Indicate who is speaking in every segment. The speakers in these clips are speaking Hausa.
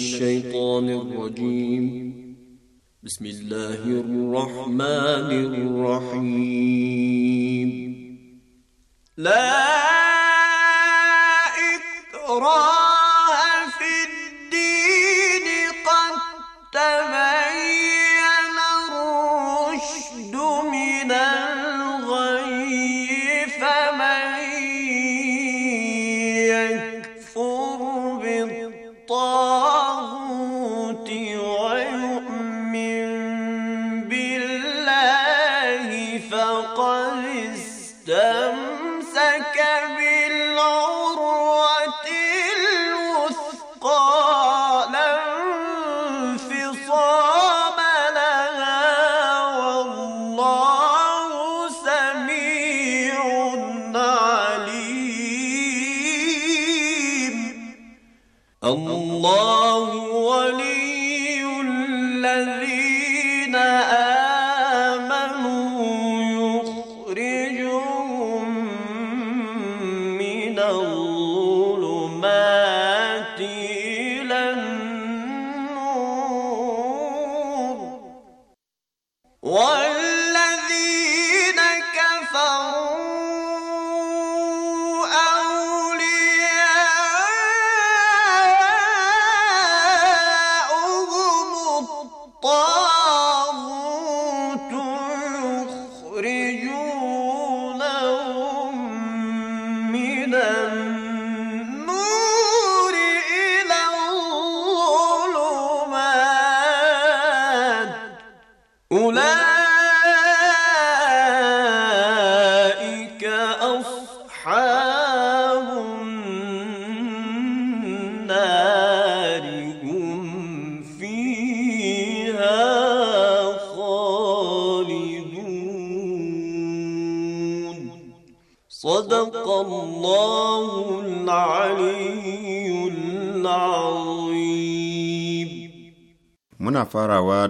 Speaker 1: الشيطان الرجيم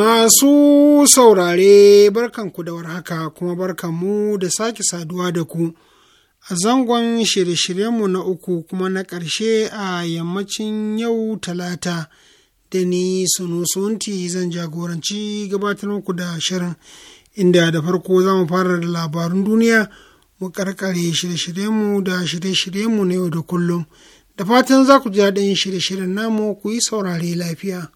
Speaker 2: Masu saurare barkan ku da warhaka kuma barkan mu da sake saduwa da ku a zangon shirye-shiryenmu na uku kuma na ƙarshe a yammacin yau talata da ni sunusunti zan jagoranci gabatar muku da shirin inda da farko za mu fara da labarun duniya mu karkare shirye-shiryenmu da shirye-shiryenmu na yau da kullum da fatan za ku ji daɗin shirye-shiryen namu ku yi saurare lafiya.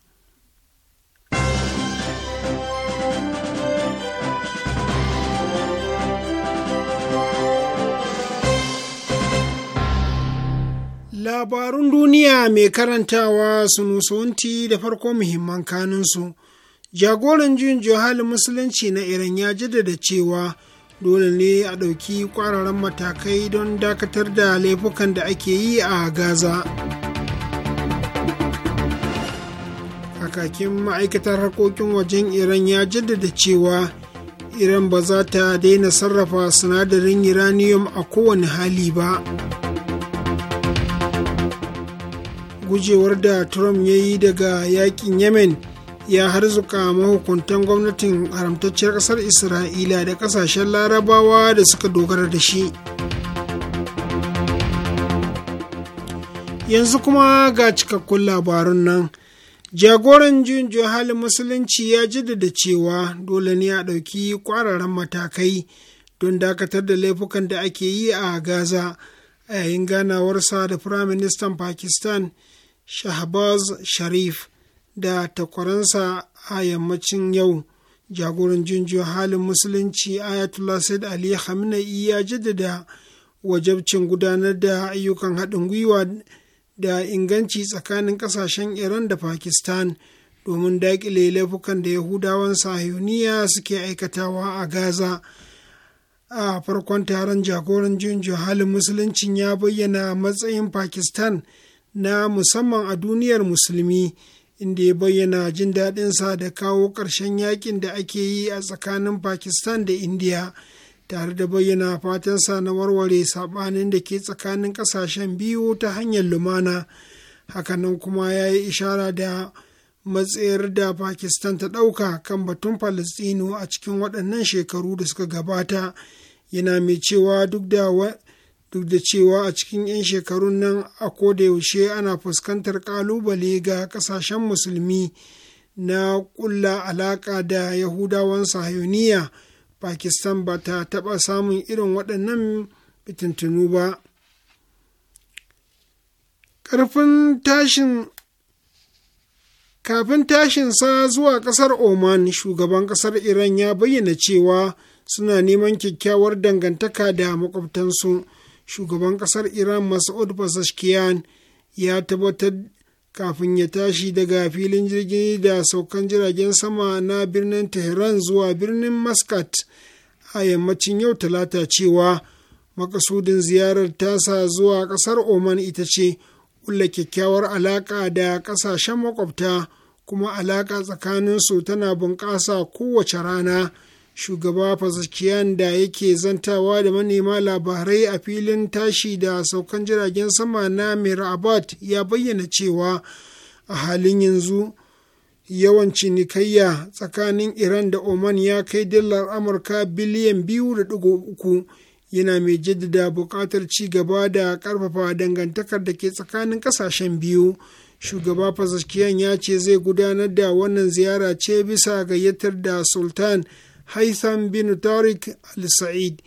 Speaker 2: Labarun duniya mai karantawa sunusunti da farko muhimman kanunsu. Jagoran jin juhalin musulunci na Iran ya jaddada cewa dole ne a ɗauki ƙwararren matakai don dakatar da laifukan da ake yi a Gaza. Kakakin ma'aikatar harkokin wajen Iran ya jaddada cewa Iran ba za ta daina sarrafa sinadarin uranium a kowane hali ba. gujewar da trump ya yi daga yakin yemen ya harzuka mahukuntan gwamnatin haramtacciyar kasar isra'ila da kasashen larabawa da suka dogara da shi yanzu kuma ga cikakkun labarun nan jagoran jin halin musulunci ya jaddada cewa dole ne a ɗauki ƙwararren matakai don dakatar da laifukan da ake yi a gaza a yayin ganawarsa da firaministan pakistan pakistan shahbaz sharif da takwaransa a yammacin yau jagoran jinjiyar halin musulunci ayatollah said ali khamenei ya jaddada wajabcin gudanar da ayyukan haɗin gwiwa da inganci tsakanin ƙasashen iran da pakistan domin daƙile laifukan da yahudawan sahiyuniya suke aikatawa a gaza a farkon taron jagoran jinjiyar halin musuluncin ya bayyana matsayin pakistan na musamman a duniyar musulmi inda ya bayyana jin daɗinsa da kawo ƙarshen yakin da ake yi a tsakanin pakistan da indiya tare da bayyana fatansa na warware saɓanin da ke tsakanin ƙasashen biyu ta hanyar lumana hakanan kuma ya yi ishara da matsayar da pakistan ta ɗauka kan batun falastino a cikin waɗannan shekaru da suka gabata yana mai cewa duk da duk da cewa a cikin 'yan shekarun nan a yaushe ana fuskantar kalubale ga kasashen musulmi na ƙulla alaƙa da yahudawan sahiyoniya pakistan ba ta taɓa samun irin waɗannan fitintunu ba ƙarfin tashin kafin sa zuwa ƙasar oman shugaban ƙasar iran ya bayyana cewa suna neman kyakkyawar dangantaka da makwabtansu shugaban kasar iran mas'ud pezeshkian ya tabbatar kafin ya tashi daga filin jirgi da saukan jiragen sama na birnin tehran zuwa birnin muscat a yammacin yau talata cewa makasudin ziyarar tasa zuwa kasar oman ita ce kulla kyakkyawar alaƙa da ƙasashen makwabta kuma alaƙa tsakaninsu tana bunƙasa kowace rana shugaba fasakiyan da yake zantawa da manema labarai a filin tashi da saukan jiragen sama na mirabat ya bayyana cewa a halin yanzu yawan cinikayya tsakanin iran da oman ya kai dalar amurka biliyan biyu da uku yana mai jaddada buƙatar ci gaba da ƙarfafa dangantakar da ke tsakanin ƙasashen biyu shugaba fasakiyan ya ce zai gudanar da wannan ziyara ce bisa gayyatar da sultan haitham bin tarik al-sa'id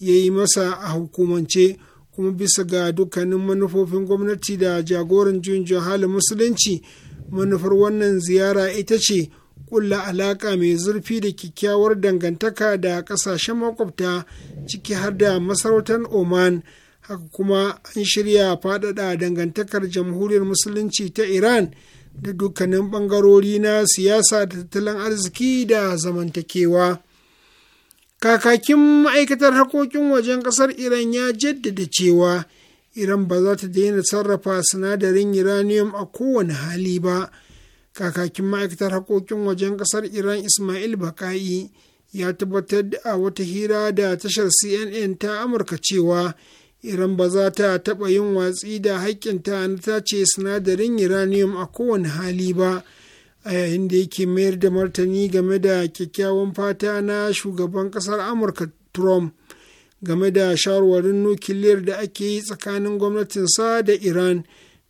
Speaker 2: ya yi masa a hukumance kuma bisa ga dukkanin manufofin gwamnati da jagoran juyin musulunci manufar wannan ziyara ita ce kulla alaka mai zurfi da kyakkyawar dangantaka da ƙasashen makwabta ciki har da masarautar oman haka kuma an shirya faɗaɗa dangantakar jamhuriyar musulunci ta iran da dukkanin ɓangarori na siyasa da tattalin arziki da zamantakewa. Kakakin ma'aikatar harkokin wajen ƙasar Iran ya jaddada cewa Iran ba za ta daina sarrafa sinadarin uranium a kowane hali ba. Kakakin ma'aikatar harkokin wajen ƙasar Iran Ismail Baka'i ya tabbatar a wata hira da tashar CNN ta Amurka cewa Iran ba za ta taɓa yin watsi da haƙƙinta na ta tace sinadarin uranium a kowane hali ba, a yayin da yake mayar da martani game da kyakkyawan fata na shugaban ƙasar Amurka Trump game da shawarwarin nukiliyar da ake yi tsakanin gwamnatinsa da Iran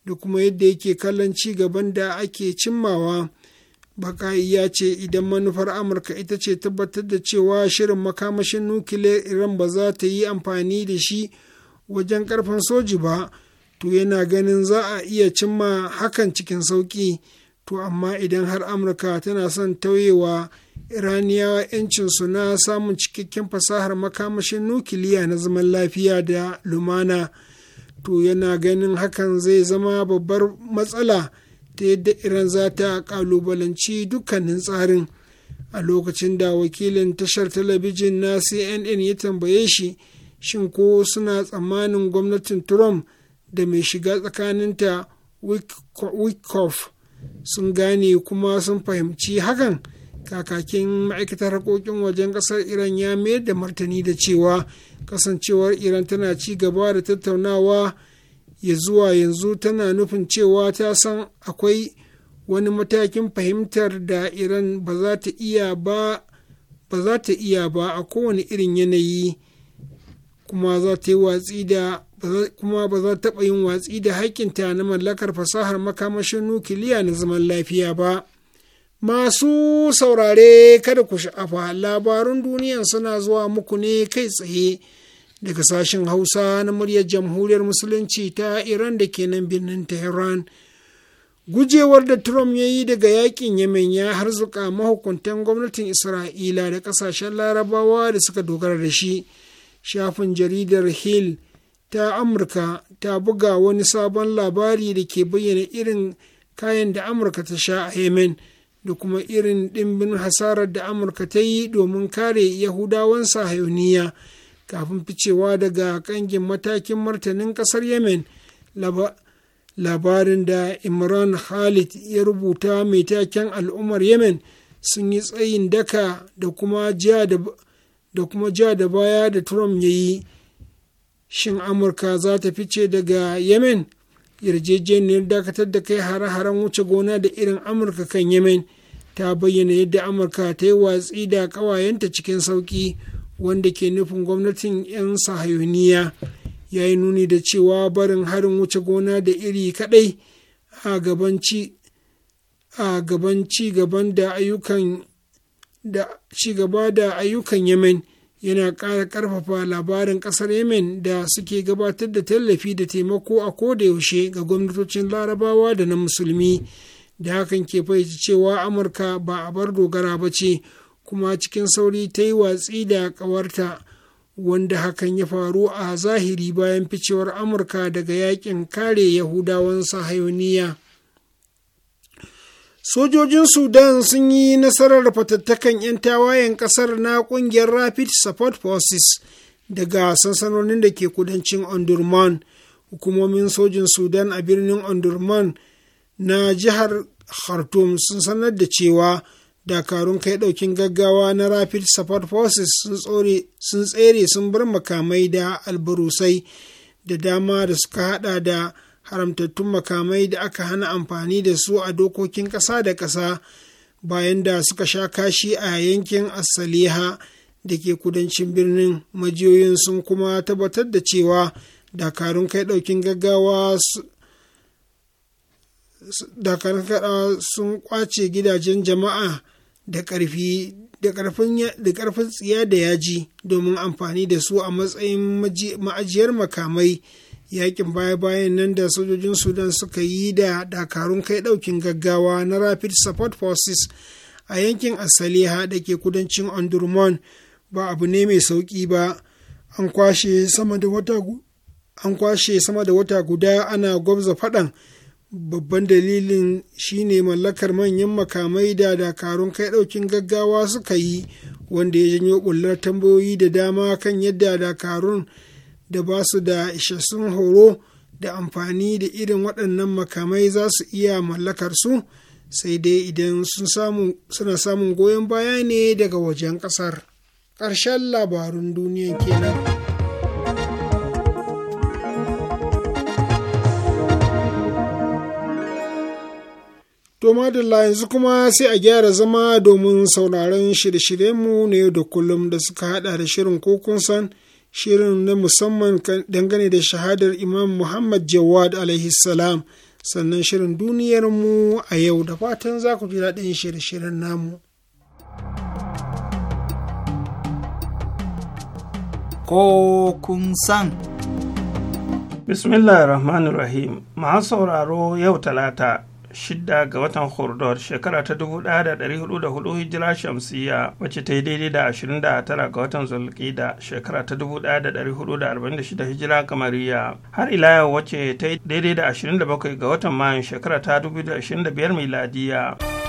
Speaker 2: da kuma yadda yake kallon ci gaban da ake cimmawa. baka ya ce idan manufar Amurka ita ce tabbatar da cewa shirin makamashin nukiliyar Iran ba za ta yi amfani da shi. wajen karfin soji ba to yana ganin za a iya cimma hakan cikin sauƙi to amma idan har amurka tana son tauyewa iraniyawa 'yancinsu na samun cikakken fasahar makamashin nukiliya na zaman lafiya da lumana to yana ganin hakan zai zama babbar matsala ta yadda iran za ta kalubalanci dukkanin tsarin a lokacin da wakilin tashar talabijin na cnn ya tambaye shi shin ko suna tsammanin gwamnatin trump da mai shiga tsakaninta wikof sun gane kuma sun fahimci hakan kakakin ma'aikatar harkokin wajen kasar iran ya mayar da martani da cewa kasancewar iran tana ci gaba da tattaunawa ya zuwa yanzu tana nufin cewa ta san akwai wani matakin fahimtar da iran ba za ta iya ba a kowane irin yanayi kuma za ta yi watsi da kuma ba za taɓa yin watsi da haƙƙinta na mallakar fasahar makamashin nukiliya na zaman lafiya ba. Masu saurare kada ku sha'afa labarun duniya suna zuwa muku ne kai tsaye daga sashen Hausa na muryar Jamhuriyar Musulunci ta Iran da ke nan birnin Tehran. Gujewar da Trump ya yi daga yakin yamen ya harzuka mahukuntan gwamnatin Isra'ila da kasashen Larabawa da suka dogara da shi. shafin jaridar hill ta amurka ta buga wani sabon labari da ke bayyana irin kayan da amurka ta sha a yemen da kuma irin ɗimbin hasarar da amurka ta yi domin kare yahudawan sahayoniya kafin ficewa daga kangin matakin martanin ƙasar yemen labarin da imran khalid ya rubuta mai taken al'ummar yemen sun yi tsayin daka da kuma jiya da da kuma ja da baya da trump ya yi shin amurka za ta fice daga yemen yarjejeniyar dakatar da kai hare-haren wuce gona da irin amurka kan yemen ta bayyana yadda amurka ta yi watsi da kawayenta cikin sauki wanda ke nufin gwamnatin 'yan sahayoniya ya yi nuni da cewa barin harin wuce gona da iri kadai a gaban ci gaban da ayyukan da cigaba da ayyukan yemen yana ƙara ƙarfafa labarin ƙasar yemen da suke gabatar da tallafi da taimako a kodayaushe ga gwamnatocin larabawa da na musulmi da hakan ke fahimci cewa amurka ba a bar dogara ba ce kuma cikin sauri ta yi watsi da ƙawarta wanda hakan ya faru a zahiri bayan ficewar amurka daga yakin kare yahudawan sahayoniya. sojojin sudan sun yi nasarar fatattakan 'yan tawayen kasar na kungiyar rapid support forces daga sansanonin da ke kudancin ondurman hukumomin sojin sudan a birnin ondurman na jihar khartoum sun sanar da cewa dakarun kai daukin gaggawa na rapid support forces sun tsere sun bar makamai da albarusai da dama da suka hada da haramtattun makamai da aka hana amfani da su a dokokin ƙasa da ƙasa bayan da suka sha kashi a yankin asaliha da ke kudancin birnin majiyoyin sun kuma tabbatar da cewa dakarun kai ɗaukin gaggawa dakarun sun kwace gidajen jama'a da ƙarfi da ƙarfin tsiya da yaji domin amfani da su a matsayin ma'ajiyar makamai yakin baya-bayan nan da sojojin sudan suka yi da dakarun kai daukin gaggawa na rapid support forces a yankin asaliha da ke kudancin ondurman ba abu ne mai sauki ba an kwashe sama da wata guda ana gwabza faɗan babban dalilin shine mallakar manyan makamai da dakarun kai ɗaukin gaggawa suka yi wanda ya janyo bullar tambayoyi da dama kan yadda dakarun da ba su da isassun horo da amfani da irin waɗannan makamai za su iya mallakarsu sai dai idan suna samun goyon baya ne daga wajen ƙasar ƙarshen labarun duniyan kenan. To madalla yanzu kuma sai a gyara zama domin sauraron shirye-shiryenmu na yau da kullum da suka haɗa da shirin ko shirin na musamman dangane da shahadar imam muhammad jawad salam sannan shirin duniyarmu a yau da fatan za ku ji daɗin shirin namu
Speaker 3: ko kun san bismillahir rahmanir rahim sauraro yau talata shida ga watan hordor shekara ta dubu da da hudu hijira shamsiyya wacce ta yi daidai da ashirin da tara ga watan zulkida shekara ta dubu da da da arba'in shida hijira kamariya har ila yau wacce ta yi daidai da ashirin da bakwai ga watan mayu shekara ta dubu ashirin da biyar miladiya.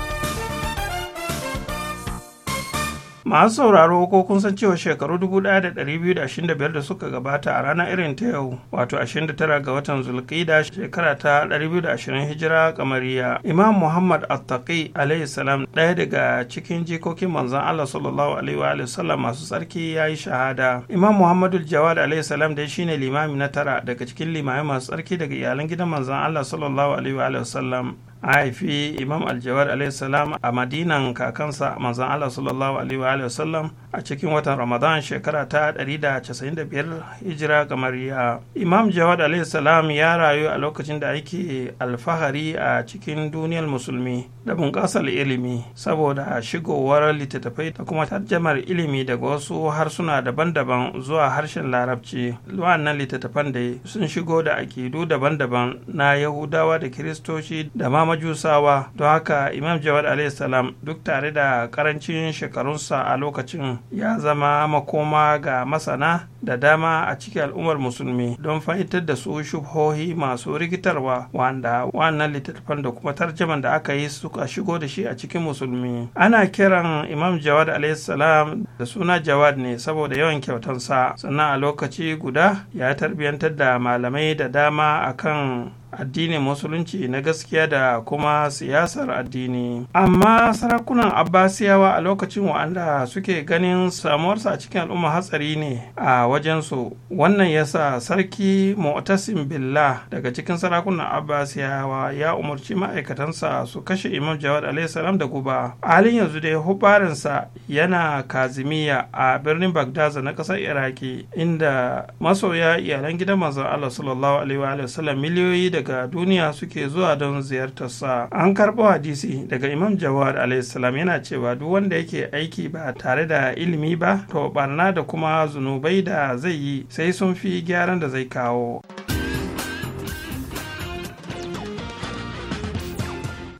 Speaker 3: masu sauraro ko kun san cewa shekaru 1225 da suka gabata a ranar irin ta yau wato 29 ga watan zulkida shekara ta 220 hijira kamariya imam muhammad attaqi alaihi salam ɗaya daga cikin jikokin manzan allah sallallahu alaihi wa sallam masu tsarki ya yi shahada imam muhammadu jawad alaihi salam dai shine limami na tara daga cikin limami masu tsarki daga iyalan gidan manzan allah sallallahu alaihi wa sallam a haifi imam aljawar salam a madinan kakansa manzan allah sallallahu alaihi wasallam a cikin watan ramadan shekara ta 195 hijira ya imam jawad salam ya rayu a lokacin da ake alfahari a cikin duniyar musulmi da bunƙasar ilimi saboda shigowar littattafai da kuma tarjamar ilimi daga wasu harsuna daban-daban zuwa harshen larabci wannan littattafan da sun shigo da aƙidu daban-daban na yahudawa da kiristoci da majusawa don haka imam jawad salam duk tare da karancin shekarunsa a lokacin ya zama makoma ga masana da dama a cikin al'ummar musulmi don fahimtar da su shubhohi masu rikitarwa wanda wannan littattafan da kuma tarjaman da aka yi suka shigo da shi a cikin musulmi ana kiran imam jawad salam da suna jawad ne saboda yawan kyautansa sannan a lokaci guda ya tarbiyantar da malamai da dama akan addinin musulunci na gaskiya da kuma siyasar addini amma sarakunan abbasiyawa a lokacin wa'anda suke ganin samuwarsa a cikin al'umma hatsari ne a wajensu wannan yasa sarki mu'tasim billah daga cikin sarakunan abbasiyawa ya umarci ma'aikatansa su kashe imam jawad alaihissalam da guba a halin yanzu dai hubarinsa yana kazimiya a birnin bagdaza na ƙasar iraki inda masoya iyalan gidan manzon allah sallallahu alaihi wa miliyoyi da daga duniya suke zuwa don ziyartarsa an karɓo hadisi daga imam jawad alaihissalam yana cewa duk wanda yake aiki ba tare da ilimi ba to barna da kuma zunubai da zai yi sai sun fi gyaran da zai kawo.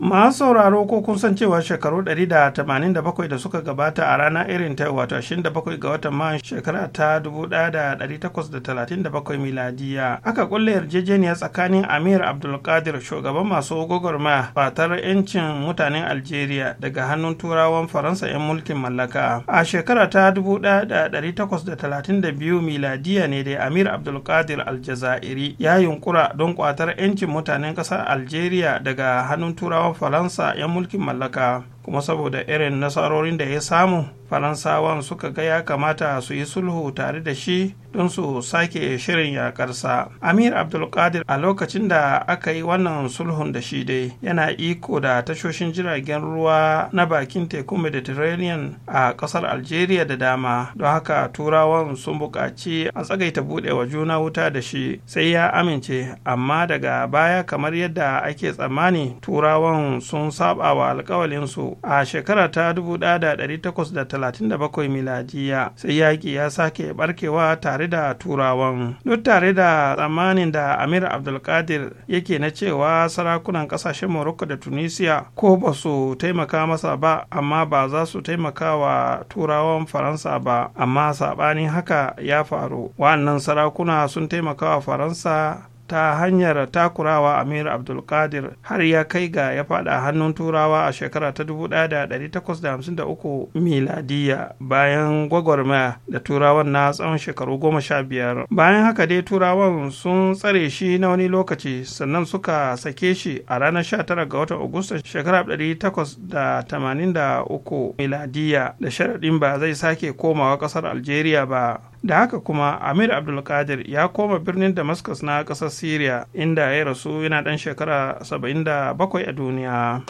Speaker 3: masu sauraro ko kun san cewa shekaru 187 da suka gabata a rana irin ta wato 27 ga watan man shekara ta 1837 miladiya aka kulle yarjejeniya tsakanin amir abdulkadir shugaban masu gwagwarmaya fatar 'yancin mutanen algeria daga hannun turawan faransa 'yan mulkin mallaka a shekara ta 1832 miladiya ne da amir abdulkadir aljazairi ya yunkura don kwatar 'yancin mutanen ƙasar algeria daga hannun turawan faransa 'yan mulkin mallaka kuma saboda irin nasarorin da ya samu faransawan suka ga ya kamata su yi sulhu tare da shi don su sake shirin yakarsa amir abdulkadir a lokacin da aka yi wannan sulhun da shi dai yana iko da tashoshin jiragen ruwa na bakin tekun mediterranean a kasar algeria da dama don haka turawan sun buƙaci a tsagaita buɗewa juna wuta da shi sai ya amince amma daga baya kamar yadda ake tsammani turawan sun saba wa alkawalinsu a shekara ta 1837 miladiya sai yaƙi ya sake barkewa tare da turawan duk tare da tsammanin da Amir Abdulkadir yake na cewa sarakunan ƙasashen Morocco da Tunisia ko ba su taimaka masa ba amma ba za su taimaka wa turawan Faransa ba amma saɓanin haka ya faru. Wannan sarakuna sun taimaka wa Faransa ta hanyar takurawa amir abdulkadir har ya kai ga ya fada hannun turawa a shekara ta 1853 miladiya bayan gwagwarmaya da turawan na tsawon shekaru goma sha biyar bayan haka dai turawan sun tsare shi na wani lokaci sannan suka sake shi a ranar 19 ga watan agusta shekara 1883 miladiya da sharaɗin ba zai sake komawa ƙasar algeria ba da haka kuma amir abdulkadir ya koma birnin damascus na ƙasar syria inda ya rasu yana ɗan shekara 77 a duniya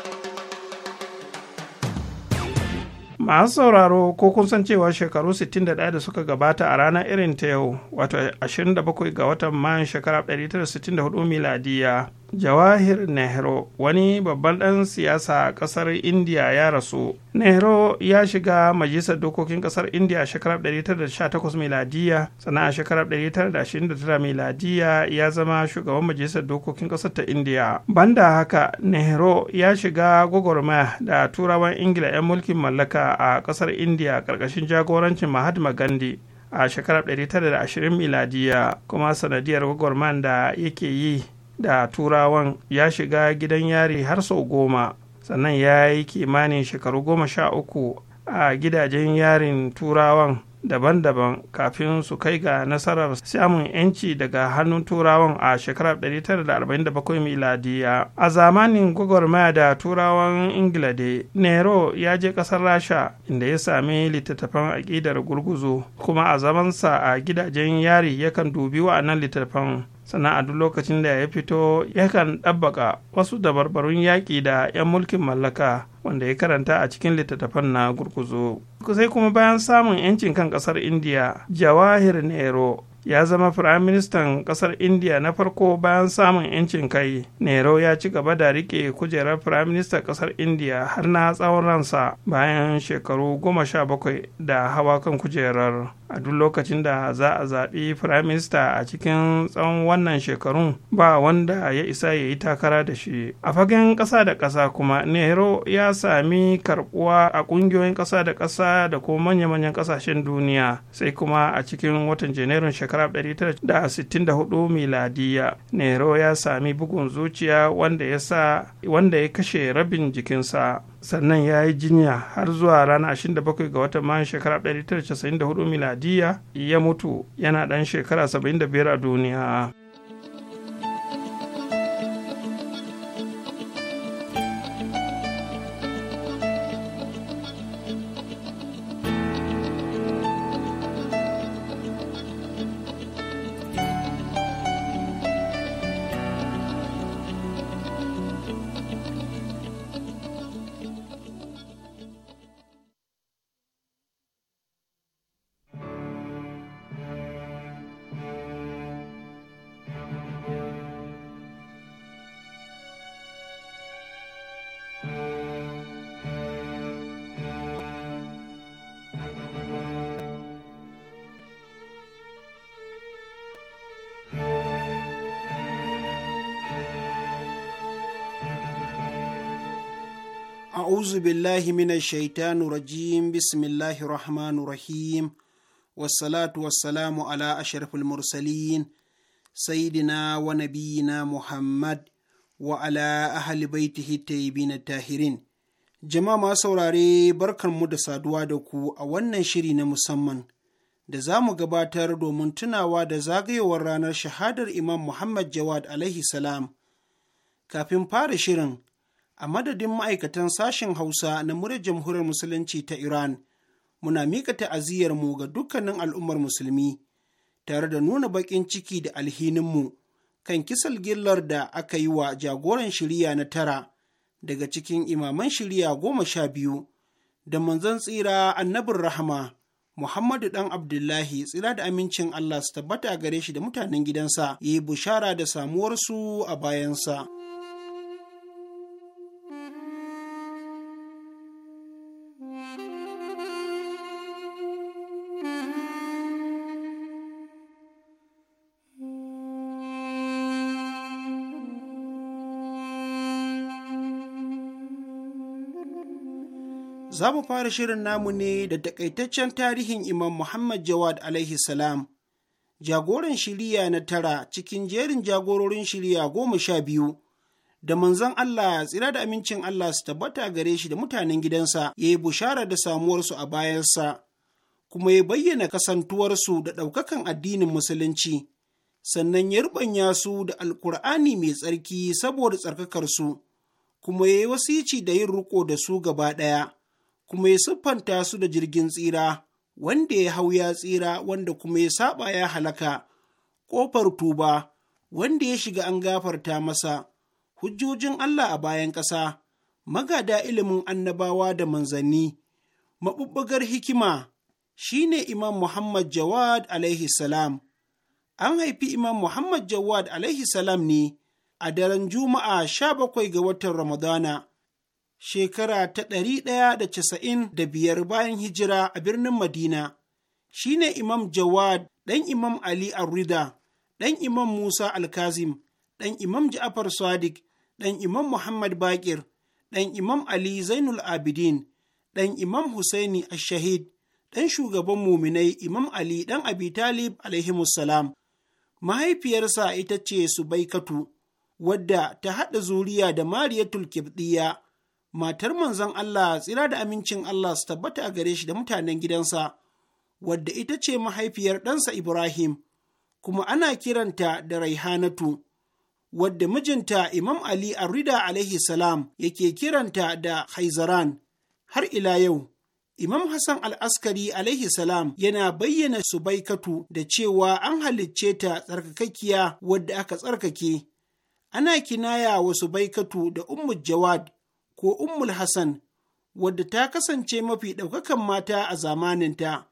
Speaker 3: masu sauraro ko kun san cewa shekaru 61 da suka gabata a ranar irin ta yau wato 27 ga watan mayan shekara 1964 miladiya jawahir nehru wani babban ɗan siyasa a ƙasar india ya rasu nehru ya shiga majalisar dokokin ƙasar india a shekarar 1918 miladiya sannan a shekarar 1929 miladiya ya zama shugaban majalisar dokokin ƙasar ta india banda haka nehru ya shiga gwagwarmaya da turawan ingila 'yan mulkin mallaka a ƙasar india ƙarƙashin jagorancin mahatma gandhi a shekarar 1920 miladiya kuma sanadiyar gwagwarman da yake yi da turawan ya shiga gidan yari har sau goma sannan ya yi kimanin shekaru goma sha uku a gidajen yarin turawan daban-daban kafin su kai ga nasarar samun yanci daga hannun turawan a shekarar 1947 miladiya a zamanin gwagwarmaya da turawan ingila da nero ya je kasar rasha inda ya sami littattafan aƙidar gurguzu kuma a zamansa a gidajen yari yakan dubi wa'annan littattafan sannan a duk lokacin da ya fito yakan ɗabbaka wasu dabarbarun yaƙi da 'yan mulkin mallaka wanda ya karanta a cikin littattafan na gurguzo sai kuma bayan samun 'yancin kan ƙasar indiya jawahir nero ya zama firaministan ƙasar indiya na farko bayan samun 'yancin kai nero ya ci gaba da riƙe kujerar firaministan ƙasar indiya har na tsawon ransa bayan shekaru goma sha bakwai da hawa kan kujerar a duk lokacin da za a zaɓi firayim minista a cikin tsawon wannan shekarun ba wanda ya isa ya yi takara da shi a fagen ƙasa da ƙasa kuma nero ya sami karɓuwa a ƙungiyoyin ƙasa da ƙasa da kuma manya-manyan ƙasashen duniya sai kuma a cikin watan janairun shekara 1964 miladiya nero ya sami bugun zuciya wanda ya kashe rabin jikinsa sannan ya yi jinya har zuwa ranar 27 ga watan mayan shekara 1994 miladiya ya mutu yana ɗan shekara 75 a duniya
Speaker 2: a'uzu billahi minash shaitani rajim bismillahir rahmanir rahim wassalatu wassalamu ala ashrafil mursalin sayyidina wa muhammad wa ala ahli baitihi tayyibin tahirin jama'a ma saurare barkanmu da saduwa da ku a wannan shiri na musamman da za mu gabatar domin tunawa da zagayowar ranar shahadar imam muhammad jawad alaihi salam kafin fara shirin a madadin ma'aikatan sashen Hausa na murar jamhuriyar Musulunci ta Iran, muna miƙa ta'aziyyarmu ga dukkanin al'ummar musulmi, tare da nuna baƙin ciki da alhininmu kan kisal gillar da aka yi wa jagoran shirya na tara daga cikin imaman shirya goma sha biyu da manzon tsira annabin rahama. Muhammadu ɗan Abdullahi tsira da amincin Allah su tabbata gare shi da mutanen gidansa, ya yi bushara da samuwarsu a bayansa. za mu fara shirin namu ne da takaitaccen tarihin Imam Muhammad Jawad alaihi salam, jagoran shiriya na tara cikin jerin jagororin shiriya goma sha biyu, da manzon Allah tsira da amincin Allah su tabbata gare shi da mutanen gidansa ya yi bushara da samuwarsu a bayansa, kuma ya bayyana kasantuwarsu da ɗaukakan addinin Musulunci, sannan ya ruɓanya su da Alkur'ani mai tsarki saboda tsarkakarsu, kuma ya yi wasici da yin riƙo da su gaba ɗaya. kuma ya siffanta su da jirgin tsira wanda ya hau ya tsira wanda kuma ya saba ya halaka ƙofar tuba wanda ya shiga an gafarta masa hujjojin Allah a bayan ƙasa magada ilimin annabawa da manzanni maɓuɓɓugar hikima shine Imam Muhammad Jawad alaihi salam. An haifi Imam Muhammad Jawad alaihi salam ne a daren Juma'a sha bakwai ga watan Ramadana shekara ta ɗari ɗaya da casa'in da biyar bayan hijira a birnin Madina, shi ne Imam Jawad ɗan Imam Ali Arrida, ɗan Imam Musa Alkazim, ɗan Imam Ja'afar Sadiq, ɗan Imam Muhammad Bakir, ɗan Imam Ali Zainul Abidin, ɗan Imam Husaini Ash-Shahid, ɗan shugaban muminai Imam Ali ɗan Abi Talib salam. Mahaifiyarsa ita ce Subaikatu, wadda ta haɗa zuriya da Mariyatul Kibdiya matar manzon Allah tsira da amincin Allah su tabbata a gare shi da mutanen gidansa, wadda ita ce mahaifiyar ɗansa Ibrahim, kuma ana kiranta da Raihanatu, wadda mijinta Imam Ali Arrida alaihi salam yake kiranta da Haizaran. Har ila yau, Imam Hassan al'askari alaihi salam yana bayyana subaikatu da cewa an halicce ta tsarkakakkiya wadda aka tsarkake. Ana kinaya wa subaikatu da Ummu Jawad ko Ummul Hassan, wadda ta kasance mafi ɗaukakan mata a zamaninta.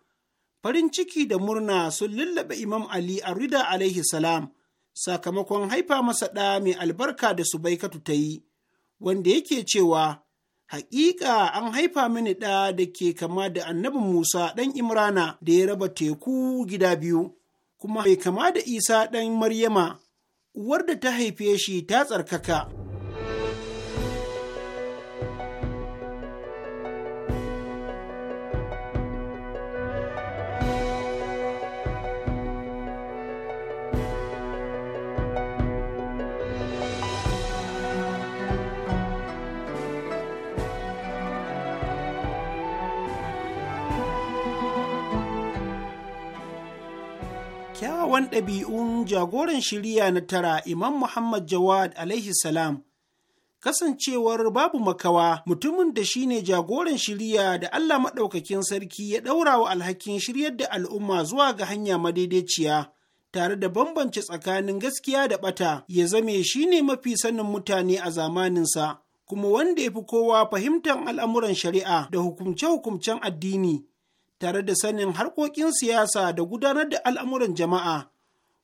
Speaker 2: Farin ciki da murna sun lullaɓe Imam Ali a Rida alaihi salam, sakamakon haifa masa ɗa mai albarka da su baikatu ta yi, wanda yake cewa, Haƙiƙa an haifa mini ɗa da ke kama da annabi Musa ɗan Imrana da ya raba teku gida biyu, kuma bai kama da Isa ɗan Maryama, uwar da ta haife shi ta tsarkaka. kyawawan ɗabi'un jagoran shiriya na tara Imam Muhammad Jawad alaihi salam kasancewar babu makawa mutumin da shine jagoran shiriya da Allah maɗaukakin sarki ya ɗaura wa alhakin shiryar da al'umma zuwa ga hanya madaidaiciya. tare da bambance tsakanin gaskiya da ɓata ya zame shine mafi sanin mutane a zamaninsa kuma wanda ya fi kowa fahimtar al'amuran shari'a da hukumce-hukumcen addini tare da sanin harkokin siyasa da gudanar da al'amuran jama'a,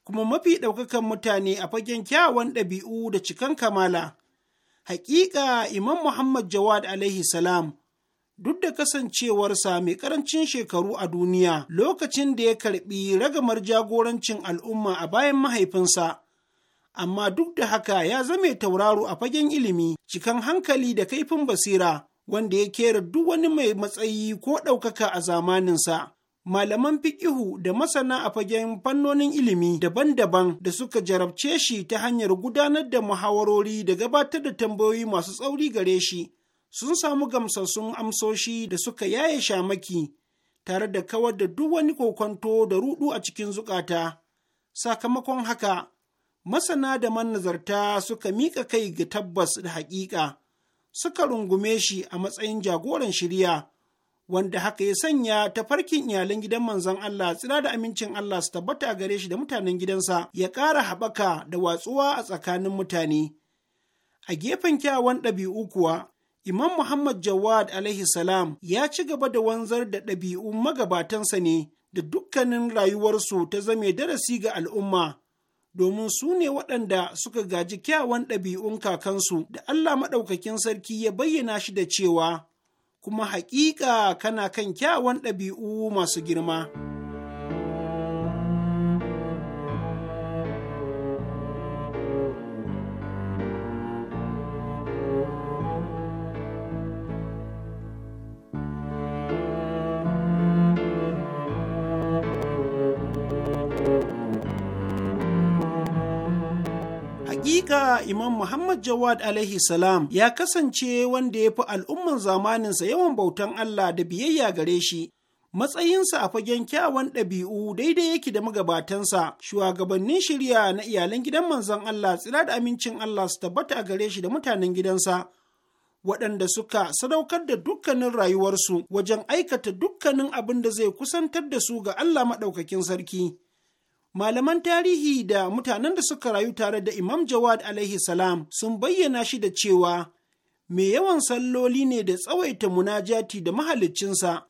Speaker 2: kuma mafi ɗaukakan mutane a fagen kyawawan ɗabi'u da cikan kamala. Hakika Imam Muhammad Jawad alaihi salam duk da kasancewarsa mai ƙarancin shekaru a duniya lokacin da ya karɓi ragamar jagorancin al'umma a bayan mahaifinsa. Amma duk da haka ya zame tauraro a fagen ilimi, cikan hankali da kaifin basira. wanda ya kera duk wani mai matsayi ko ɗaukaka a zamaninsa. Malaman fiƙihu da masana a fagen fannonin ilimi daban-daban da suka jarabce shi ta hanyar gudanar da muhawarori da gabatar da tambayoyi masu tsauri gare shi, sun samu gamsassun amsoshi da suka yaye shamaki, tare da kawar da duk wani kokonto da rudu a cikin zukata. Sakamakon haka, masana da manazarta suka miƙa kai ga tabbas da haƙiƙa. suka rungume shi a matsayin jagoran shirya wanda haka ya sanya tafarkin iyalan gidan manzon Allah tsira da amincin Allah su tabbata gare shi da mutanen gidansa ya ƙara haɓaka da watsuwa a tsakanin mutane. A gefen kyawan ɗabi'u kuwa, Imam Muhammad Jawad alaihi salam ya ci gaba da wanzar da ɗabi'un magabatansa ne da dukkanin rayuwarsu ta zame darasi ga al'umma domin su ne waɗanda suka gaji kyawan ɗabi'un kakansu da Allah maɗaukakin sarki ya bayyana shi da cewa, kuma haƙiƙa kana kan kyawan ɗabi'u masu girma. da Imam Muhammad Jawad alaihi salam ya kasance wanda ya fi al'umman zamaninsa yawan bautan Allah da biyayya gare shi. Matsayinsa a fagen kyawan ɗabi'u daidai yake da magabatansa, shugabannin shirya na iyalan gidan manzon Allah tsira da amincin Allah su tabbata a gare shi da mutanen gidansa. waɗanda suka sadaukar da dukkanin rayuwarsu wajen aikata dukkanin abin da zai kusantar da su ga Allah maɗaukakin sarki. malaman tarihi da mutanen da suka rayu tare da Imam Jawad alaihi salam sun bayyana shi da cewa Me yawan salloli ne da tsawaita munajati da mahaliccinsa.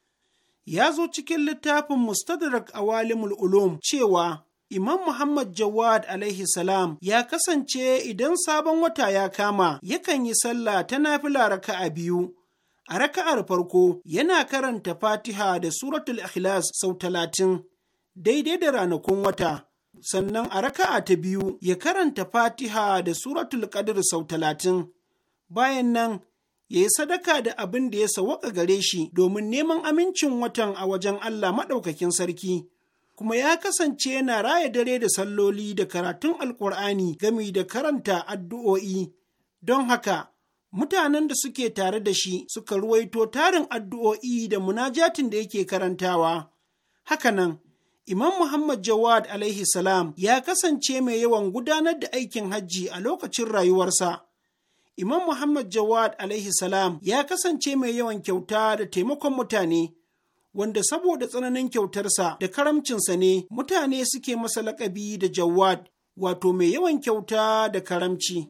Speaker 2: Ya zo cikin littafin Mustadrak Awalimul Ulum cewa Imam Muhammad Jawad alaihi salam ya kasance idan sabon wata ya kama yakan yi sallah ta nafila raka'a biyu. A raka'ar farko yana karanta Fatiha da Suratul Ikhlas sau talatin. daidai da ranakun wata, sannan a raka'a ta biyu ya karanta fatiha da suratul qadr sau talatin, bayan nan ya yi sadaka da abin da ya sawaka gare shi domin neman amincin watan a wajen Allah maɗaukakin sarki. Kuma ya kasance yana raya dare da salloli da karatun alkur'ani gami da karanta addu'o'i. Don haka, mutanen da suke tare da shi suka ruwaito tarin addu'o'i da munajatin da yake karantawa. Hakanan, Imam Muhammad Jawad alaihi salam ya kasance mai yawan gudanar da aikin hajji a lokacin rayuwarsa. Imam Muhammad Jawad alaihi salam ya kasance mai yawan kyauta da taimakon mutane, wanda saboda tsananin kyautarsa da karamcinsa ne mutane suke masa laƙabi da Jawad, wato mai yawan kyauta da karamci.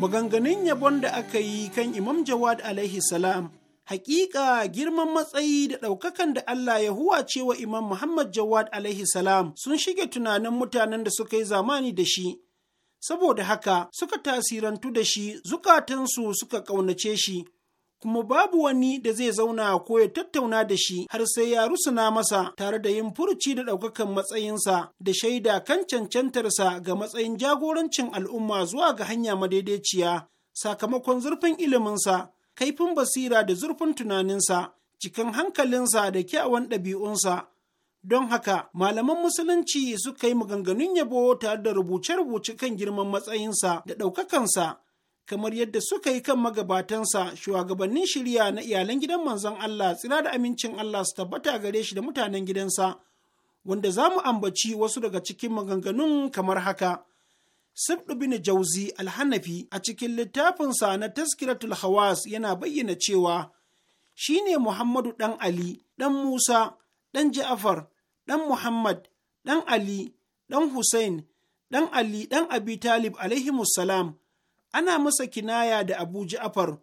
Speaker 2: maganganun yabon da aka yi kan Imam Jawad alaihi salam hakika girman matsayi da ɗaukakan da Allah ya huwace wa Imam Muhammad Jawad alaihi salam sun shige tunanin mutanen da suka yi zamani da shi. Saboda haka suka tasirantu da shi zukatansu suka ƙaunace shi, kuma babu wani da zai zauna ko ya tattauna da shi har sai ya rusuna masa tare da yin furuci da ɗaukakan matsayinsa da shaida kan cancantarsa ga matsayin jagorancin al'umma zuwa ga hanya madaidaiciya sakamakon zurfin iliminsa kaifin basira da zurfin tunaninsa cikin hankalinsa da kyawun ɗabi'unsa don haka malaman musulunci suka yi maganganun yabo tare da rubuce-rubuce kan girman matsayinsa da ɗaukakansa kamar yadda suka yi kan magabatansa shugabannin shirya na iyalan gidan manzon Allah tsira da amincin Allah su tabbata gare shi da mutanen gidansa wanda za mu ambaci wasu daga cikin maganganun kamar haka. Sibdu bin Jauzi Alhanafi a cikin littafinsa na Taskiratul Hawas yana bayyana cewa shi ne Muhammadu ɗan Ali, ɗan Musa, ɗan Jafar, ɗan Muhammad, ɗan Ali, ɗan Hussein, ɗan Ali, ɗan Abi Talib ana masa kinaya da Abu Ja'far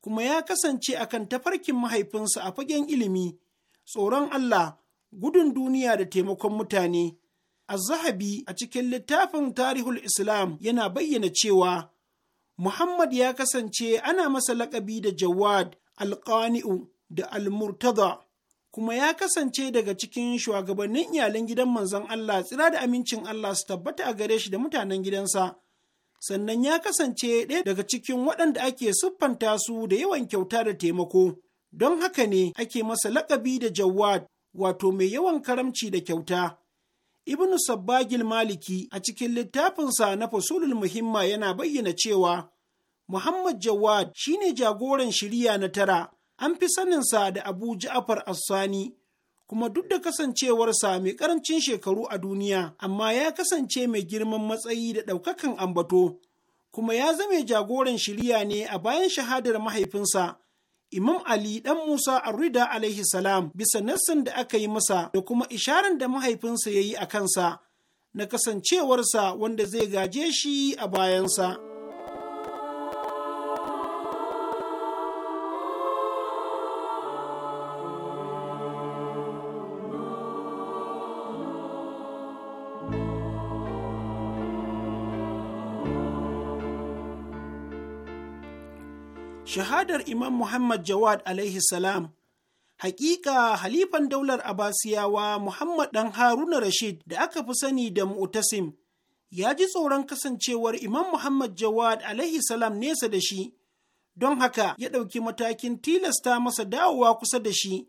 Speaker 2: kuma ya kasance a kan tafarkin mahaifinsa a fagen ilimi, tsoron Allah, gudun duniya da taimakon mutane. A zahabi a cikin littafin Tarihul Islam yana bayyana cewa Muhammad ya kasance ana masa lakabi da Jawad, Alƙani'u da Almurtaza, kuma ya kasance daga cikin shugabannin iyalan gidan manzon Allah tsira da amincin Allah su tabbata a gare shi da mutanen gidansa. sannan ya kasance ɗaya daga cikin waɗanda ake siffanta su da yawan kyauta da taimako. Don haka ne ake masa laƙabi da Jawad, wato mai yawan karamci da kyauta. Ibn Sabbagil Maliki a cikin littafinsa na Fasulul Muhimma yana bayyana cewa Muhammad Jawad shine jagoran shirya na tara, an fi saninsa da Abu Ja'far Assani kuma duk da kasancewarsa mai karancin shekaru a duniya amma ya kasance mai girman matsayi da ɗaukakan ambato kuma ya zame jagoran shirya ne a bayan shahadar mahaifinsa Imam Ali Dan Musa Arrida alaihi salam bisa nassan da aka yi masa da kuma isharar da mahaifinsa ya yi a kansa na kasancewarsa wanda zai gaje shi a bayansa. shahadar Imam Muhammad Jawad alaihi salam Hakika halifan daular Abasiyawa Muhammad dan Haruna Rashid da aka fi sani da Mu'tasim ya ji tsoron kasancewar Imam Muhammad Jawad alaihi salam nesa da shi, don haka ya ɗauki matakin tilasta masa dawowa kusa da shi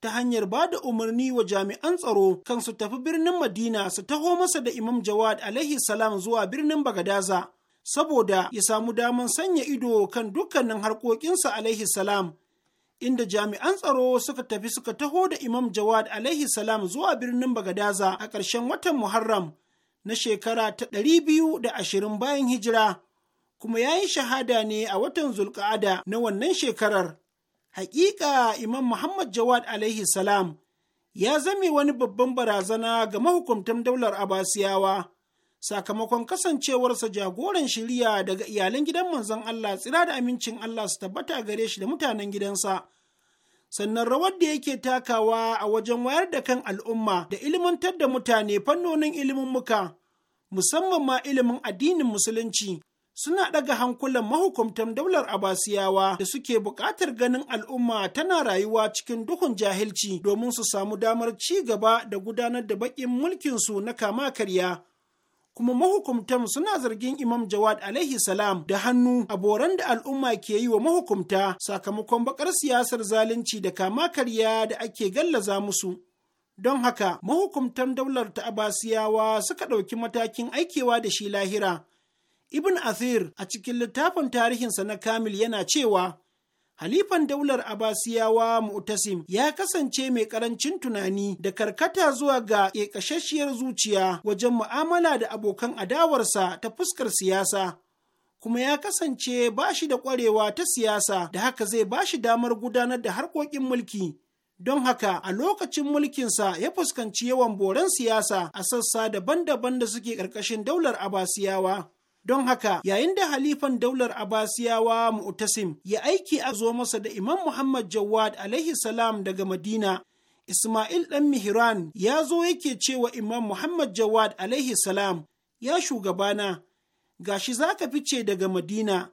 Speaker 2: ta hanyar ba da umarni wa jami'an tsaro kan su tafi birnin Madina su taho masa da Imam Jawad alaihi salam zuwa birnin Bagadaza. saboda ya samu daman sanya ido kan dukkanin harkokinsa alaihi salam inda jami'an tsaro suka tafi suka taho da imam jawad alaihi salam zuwa birnin bagadaza a ƙarshen watan muharram na shekara ta ɗari biyu da ashirin bayan hijira kuma ya yi shahada ne a watan zulka'ada na wannan shekarar hakika imam muhammad jawad alaihi salam ya zame wani babban barazana ga mahukuntan daular abasiyawa sakamakon kasancewarsa jagoran shiriya daga iyalan gidan manzon Allah tsira da amincin Allah su tabbata gare shi da mutanen gidansa. Sannan rawar da yake takawa a wajen wayar da kan al'umma da ilmantar da mutane fannonin ilimin muka, musamman ma ilimin addinin musulunci, suna ɗaga hankulan mahukumtan daular Abasiyawa da suke buƙatar ganin al'umma tana rayuwa cikin duhun jahilci domin su samu damar ci gaba da gudanar da baƙin mulkinsu na kama karya. kuma mahukumtan suna zargin Imam Jawad alaihi salam da hannu a boran da al'umma ke yi wa mahukumta sakamakon bakar siyasar zalunci da kama karya da ake gallaza musu. Don haka mahukumtan daular ta Abasiyawa suka ɗauki matakin aikewa da shi lahira. Ibn Athir a cikin littafin tarihinsa na Kamil yana cewa Halifan daular Abasiyawa Mu'tasim ya kasance mai karancin tunani da karkata zuwa ga ƙeƙashashiyar zuciya wajen mu'amala da abokan adawarsa ta fuskar siyasa. Kuma ya kasance ba shi da ƙwarewa ta siyasa da haka zai ba shi damar gudanar da harkokin mulki. Don haka a lokacin mulkinsa ya fuskanci yawan boren siyasa a sassa daban-daban da suke ƙarƙashin daular Abasiyawa. Don haka, yayin da halifan daular abasiyawa Mu'tasim ya aiki a zo masa da Imam Muhammad Jawad alaihi salam daga Madina, Ismail ɗan Mihran ya zo yake cewa Imam Muhammad Jawad alaihi salam, ya shugabana, gashi za ka fice daga Madina,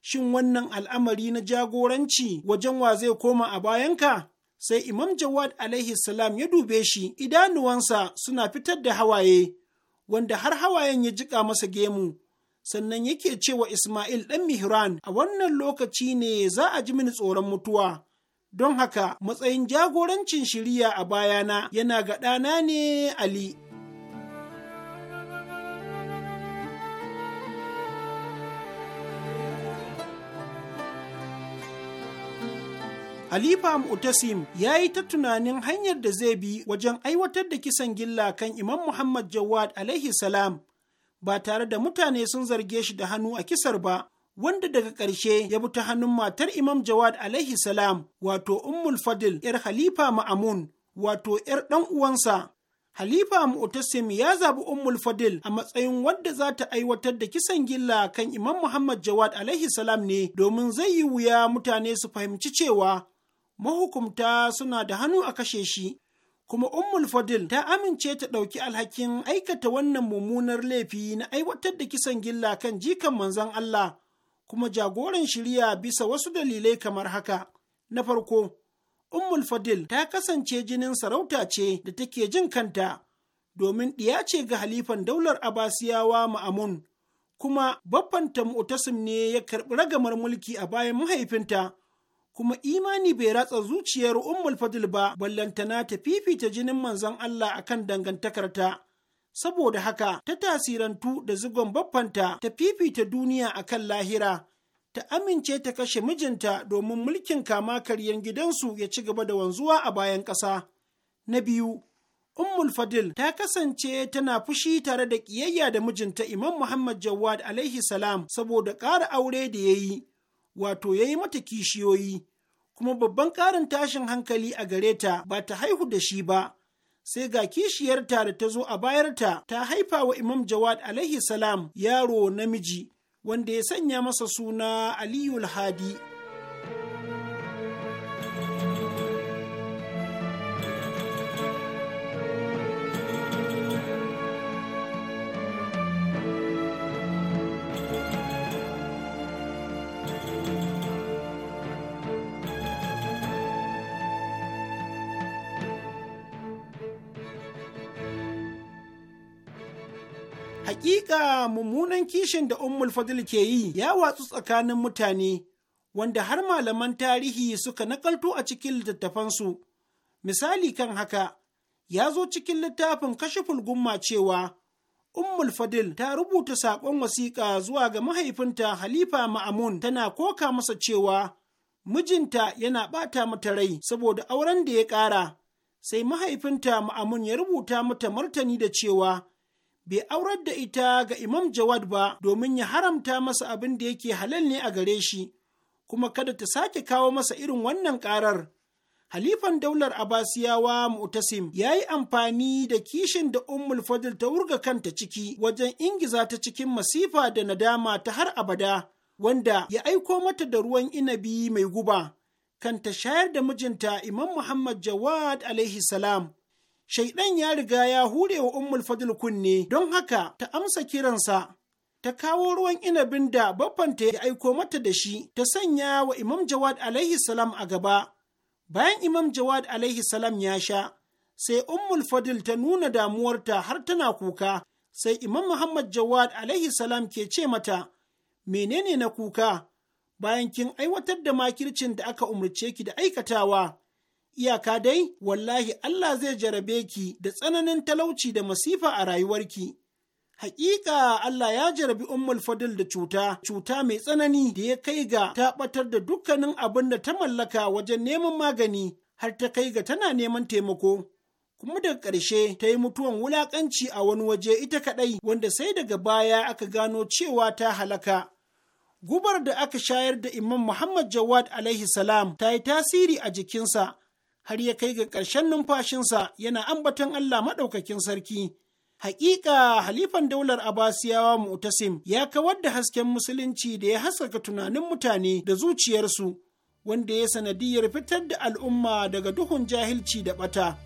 Speaker 2: shin wannan al'amari na jagoranci wajen wa zai koma a bayanka? Sai Imam Jawad alaihi salam ya dube shi, idanuwansa suna fitar da hawaye, wanda har hawayen ya jiƙa masa gemu. sannan yake cewa Ismail ɗan Mihran a wannan lokaci ne za a ji mini tsoron mutuwa. Don haka matsayin jagorancin shiriya a bayana yana ga ɗana ne Ali. Halifa Mu'tasim ya yi ta tunanin hanyar da zai bi wajen aiwatar da kisan gilla kan Imam Muhammad Jawad alaihi salam ba tare da mutane sun zarge shi da hannu a kisar ba wanda daga ƙarshe ya bi ta hannun matar Imam Jawad alaihi salam wato Ummul Fadil ‘yar Halifa Ma'amun wato ‘yar ɗan uwansa. Halifa Mu'tasim ya zaɓi Ummul Fadil a matsayin wadda za ta aiwatar da kisan gilla kan Imam Muhammad Jawad alaihi salam ne domin zai yi wuya mutane su fahimci cewa mahukumta suna da hannu a kashe shi kuma Ummul Fadil ta amince ta ɗauki alhakin aikata wannan mummunar laifi na aiwatar da kisan gilla kan jikan manzon Allah, kuma jagoran shirya bisa wasu dalilai kamar haka. Na farko, Ummul Fadil ta kasance jinin sarauta ce da take jin kanta, domin ɗiya ce ga halifan daular Abasiyawa Ma'amun, kuma baffanta Mu'tasim ne ya karɓi ragamar mulki a bayan mahaifinta. kuma imani bai ratsa zuciyar ummul fadil ba ballantana ta fifita jinin manzon Allah akan dangantakarta saboda haka ta tasirantu da zigon baffanta ta fifita duniya akan lahira ta amince ta kashe mijinta domin mulkin kama karyan gidansu ya ci gaba da wanzuwa a bayan ƙasa na biyu ummul fadil ta kasance tana fushi tare da ƙiyayya da mijinta imam muhammad jawad alaihi salam saboda ƙara aure da ya yi wato ya yi mata kishiyoyi, kuma babban ƙarin tashin hankali a gare ta ba ta haihu da shi ba, sai ga kishiyarta da ta zo a bayarta ta haifa wa Imam Jawad alaihi salam yaro namiji, wanda ya sanya masa suna Aliyu Hadi. Da mummunan kishin da Ummul Fadil ke yi ya watsu tsakanin mutane, wanda har malaman tarihi suka nakalto a cikin littattafansu. Misali kan haka, ya zo cikin littafin kashiful gumma cewa Ummul Fadil ta rubuta saƙon wasiƙa zuwa ga mahaifinta Halifa Ma'amun tana koka masa cewa mijinta yana ɓata mata rai saboda auren da ya ƙara. Sai mahaifinta Ma'amun ya rubuta mata martani da cewa bai aurar da ita ga Imam Jawad ba domin ya haramta masa abin da yake halal ne a gare shi, kuma kada ta sake kawo masa irin wannan ƙarar. Halifan daular Abasiyawa Mu'tasim ya yi amfani da kishin da Ummul Fadl ta wurga kanta ciki wajen ingiza ta cikin masifa da nadama ta har abada, wanda ya aiko mata da ruwan inabi mai guba, kanta shayar da mijinta Imam Muhammad Jawad alaihi salam. Shaiɗan ya riga ya hure wa Ummul Fadl kunne don haka ta amsa kiransa ta kawo ruwan inabin da baffanta ya aiko mata da shi ta sanya wa Imam Jawad alaihi salam a gaba. Bayan Imam Jawad alaihi salam ya sha, sai Ummul Fadl ta nuna damuwarta har tana kuka, sai Imam Muhammad Jawad alaihi salam ke ce mata, Menene na kuka? Bayan kin aiwatar da makircin da aka umarce ki da aikatawa, iyaka dai wallahi Allah zai jarabe ki da tsananin talauci da masifa a rayuwarki. Hakika Allah ya jarabi Ummul Fadil da cuta, cuta mai tsanani da ya kai ga ta ɓatar da dukkanin abin da ta mallaka wajen neman magani har ta kai ga tana neman taimako. Kuma daga ƙarshe ta yi mutuwan wulaƙanci a wani waje ita kaɗai wanda sai daga baya aka gano cewa ta halaka. Gubar da aka shayar da Imam Muhammad Jawad alaihi salam ta yi tasiri a jikinsa har ya kai ga ƙarshen numfashinsa yana ambaton Allah maɗaukakin sarki. Haƙiƙa, halifan daular Abasiyawa Mu'tasim ya kawar da hasken musulunci da ya haskaka tunanin mutane da zuciyarsu, wanda ya sanadiyar fitar da al'umma daga duhun jahilci da ɓata.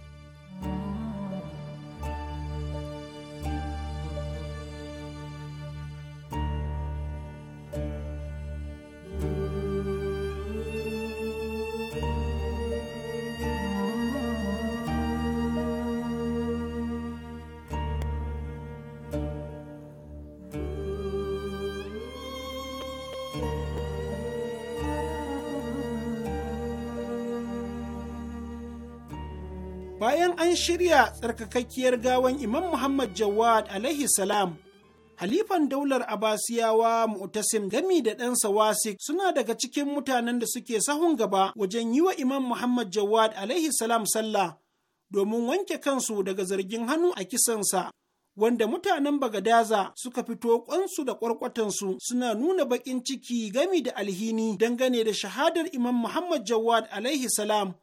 Speaker 2: bayan an shirya tsarkakakkiyar gawan Imam Muhammad Jawad alaihi salam Halifan daular Abasiyawa Mu'tasim gami da ɗansa Wasik suna daga cikin mutanen da suke sahun gaba wajen yi wa Imam Muhammad Jawad alaihi salam sallah domin wanke kansu daga zargin hannu a kisansa wanda mutanen Bagadaza suka fito kwansu da kwarkwatansu suna nuna baƙin ciki gami da alhini dangane da shahadar Imam Muhammad Jawad alaihi salam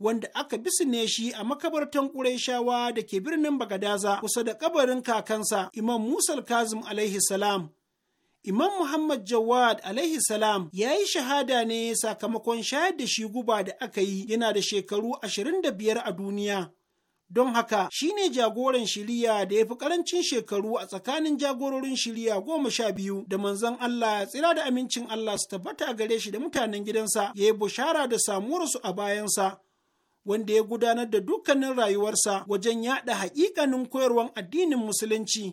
Speaker 2: wanda aka bisne shi a makabartan Qurayshawa da ke birnin Bagadaza kusa da kabarin kakansa Imam Musa Kazim alaihi salam. Imam Muhammad Jawad alaihi salam ya yi shahada ne sakamakon shayar da shi guba da aka yi yana da shekaru ashirin da biyar a duniya. Don haka shi ne jagoran shiriya da ya fi ƙarancin shekaru a tsakanin jagororin shirya goma sha biyu da manzon Allah ya tsira da amincin Allah su tabbata gare shi da mutanen gidansa ya yi bushara da samuwarsu a bayansa. wanda ya gudanar da dukkanin rayuwarsa wajen yaɗa haƙiƙanin koyarwar addinin musulunci.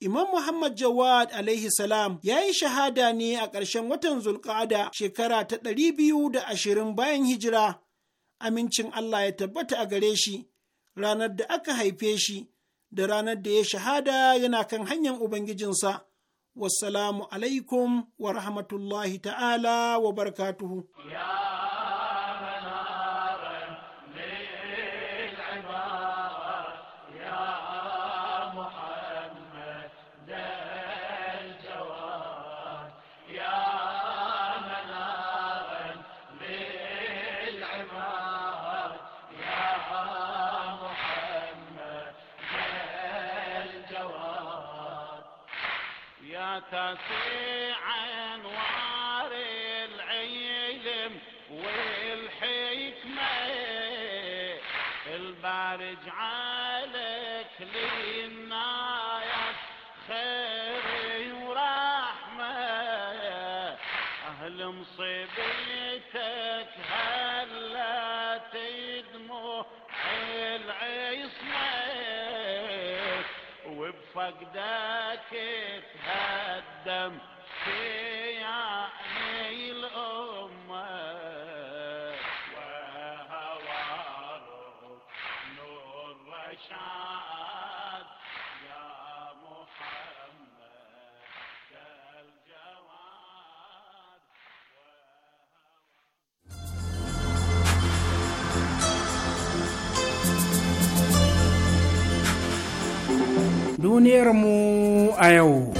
Speaker 2: Imam Muhammad Jawad alaihi salam ya yi shahada ne a ƙarshen watan Zulƙada shekara ta ɗari biyu da ashirin bayan hijira. Amincin Allah ya tabbata a gare shi, ranar da aka haife shi, da ranar da ya shahada yana kan hanyar Ubangijinsa. Wassalamu alaikum wa rahmatullahi ta'ala wa barakatuhu.
Speaker 1: تسيع انوار العلم والحكمة البارج عليك للناية خير ورحمة أهل مصيبين فقدك تهدم في
Speaker 4: عيني الأمة وهوى نور رشاد
Speaker 2: mu a yau.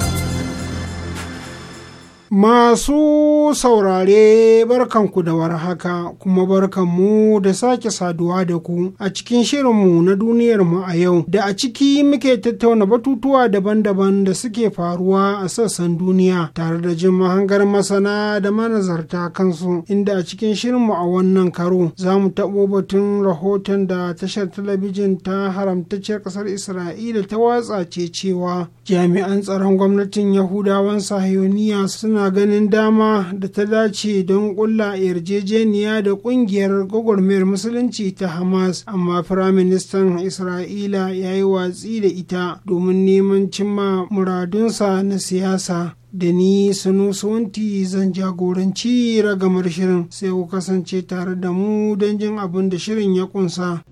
Speaker 2: Masu saurare barkanku da warhaka kuma barkanmu da sake saduwa da ku a cikin shirinmu na duniyarmu a yau da a ciki muke tattauna batutuwa daban-daban da suke faruwa a sassan duniya tare da jin mahangar masana da manazarta kansu inda a cikin shirinmu a wannan karo za mu taɓo batun rahoton da tashar talabijin ta haramtacciyar ƙasar Isra'ila ta watsa ce cewa jami'an tsaron gwamnatin Yahudawan Sahiyoniya suna suna ganin dama da ta dace don ƙulla yarjejeniya da ƙungiyar gwagwarmayar musulunci ta hamas amma firaministan isra'ila ya yi watsi da ita domin neman cimma muradunsa na siyasa da ni sunusunti zan jagoranci ragamar shirin sai ku kasance tare da mu don jin abin da shirin ya kunsa.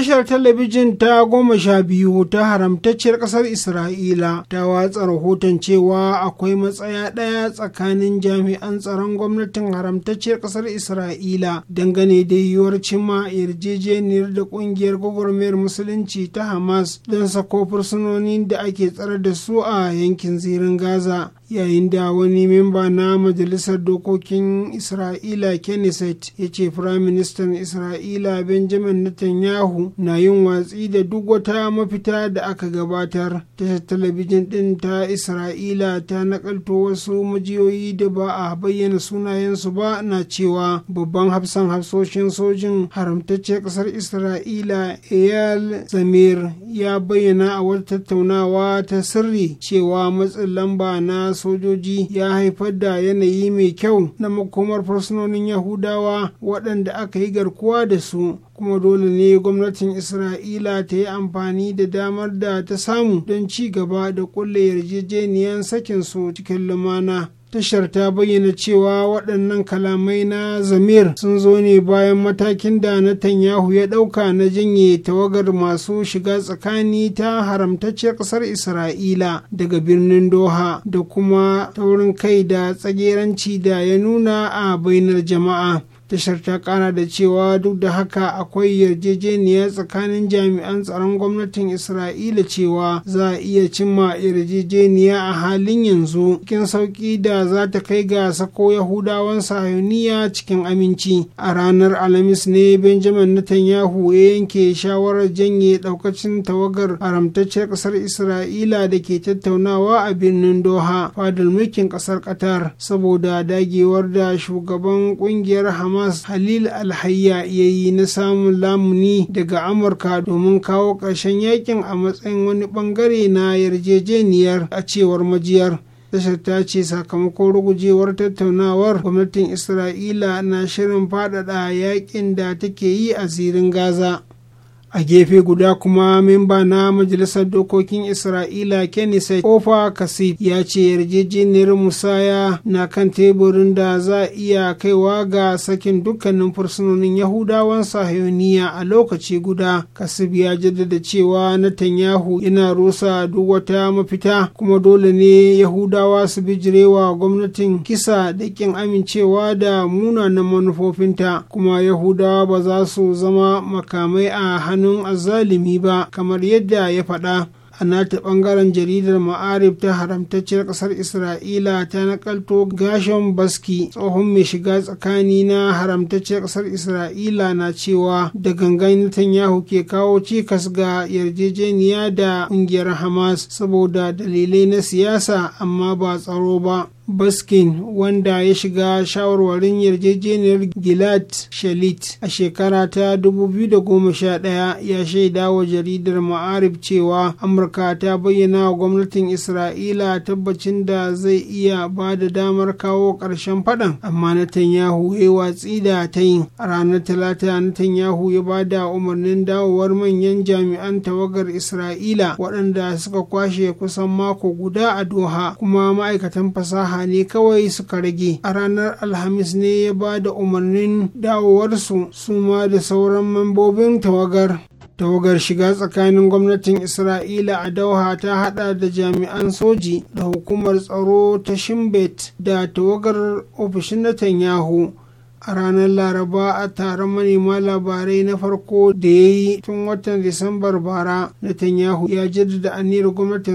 Speaker 2: tashar talabijin ta goma sha biyu ta haramtacciyar ƙasar isra'ila ta watsa rahoton cewa akwai matsaya ɗaya tsakanin jami'an tsaron gwamnatin haramtacciyar ƙasar isra'ila dangane da yiwuwar cimma, yarjejeniyar da ƙungiyar gwagwarmayar musulunci ta hamas don sako fursunonin da ake tsare da su a yankin zirin gaza yayin da wani memba na majalisar dokokin isra'ila kenneset ya ce firaministan isra'ila benjamin netanyahu na yin watsi da duk wata mafita da aka gabatar tashar talabijin din ta isra'ila ta nakalto wasu majiyoyi da ba a bayyana sunayensu ba na cewa babban hafsan hafsoshin sojin haramtacce kasar isra'ila eyal zamir ya bayyana a wata tattaunawa ta sirri cewa matsin lamba na sojoji ya haifar da yanayi mai kyau na makomar fursunonin yahudawa waɗanda aka yi garkuwa da su kuma dole ne gwamnatin isra'ila ta yi amfani da damar da ta samu don ci gaba da kulle yarjejeniyar su cikin lumana tashar ta bayyana cewa waɗannan kalamai na zamir sun zo ne bayan matakin da Tanyahu ya ɗauka na janye tawagar masu shiga tsakani ta haramtacciyar ƙasar Isra'ila daga birnin Doha da kuma taurin kai da tsageranci da ya nuna a bainar jama'a. tashar ta kana da cewa duk da haka akwai yarjejeniya tsakanin jami'an tsaron gwamnatin isra'ila cewa za a iya cimma yarjejeniya a halin yanzu cikin sauki da za ta kai ga sako yahudawan Sayuniya cikin aminci a ranar alhamis ne benjamin netanyahu ya yanke shawarar janye daukacin tawagar haramtacciyar kasar isra'ila da ke tattaunawa a birnin doha fadar mulkin kasar qatar saboda dagewar da shugaban kungiyar hamas Thomas halil alhayya ya yi na samun lamuni daga amurka domin kawo ƙarshen yakin a matsayin wani ɓangare na yarjejeniyar a cewar majiyar tashar ta ce sakamakon rugujewar tattaunawar gwamnatin isra'ila na shirin faɗaɗa yakin da take yi a zirin gaza a gefe guda kuma memba na majalisar dokokin isra'ila kenise ofa kasif ya ce yarjejeniyar musaya na kan teburin da za a iya kaiwa ga sakin dukkanin fursunonin yahudawan sahiyoniya a lokaci guda kasif ya jaddada cewa netanyahu yana rusa duk wata mafita kuma dole ne yahudawa su bijirewa gwamnatin kisa da kin amincewa da munanan manufofinta kuma yahudawa ba za su zama makamai a hannun hannun azalimi ba kamar yadda ya faɗa a nata ɓangaren jaridar ma'arif ta haramtacciyar ƙasar isra'ila ta nakalto gashon baski tsohon mai shiga tsakani na haramtacciyar ƙasar isra'ila na cewa da gangan netanyahu ke kawo cikas ga yarjejeniya da ƙungiyar hamas saboda dalilai na siyasa amma ba tsaro ba baskin wanda ya shiga shawarwarin yarjejeniyar gilad shalit a shekara ta 2011 ya shaida wa jaridar ma'arib cewa amurka ta bayyana wa gwamnatin isra'ila tabbacin da zai iya ba da damar kawo ƙarshen faɗan amma na ya watsi da ta yi. a ranar talata na tanyahu ya ba da umarnin dawowar manyan jami'an tawagar isra'ila waɗanda suka kwashe kusan mako guda a doha kuma ma'aikatan fasaha jama'a kawai suka rage a ranar alhamis ne ya ba da umarnin dawowarsu su ma da sauran mambobin tawagar tawagar shiga tsakanin gwamnatin isra'ila a dauha ta hada da jami'an soji da hukumar tsaro ta shimbet da tawagar ofishin netanyahu a ranar laraba a taron manema labarai na farko da ya yi tun watan disambar bara netanyahu ya jaddada aniyar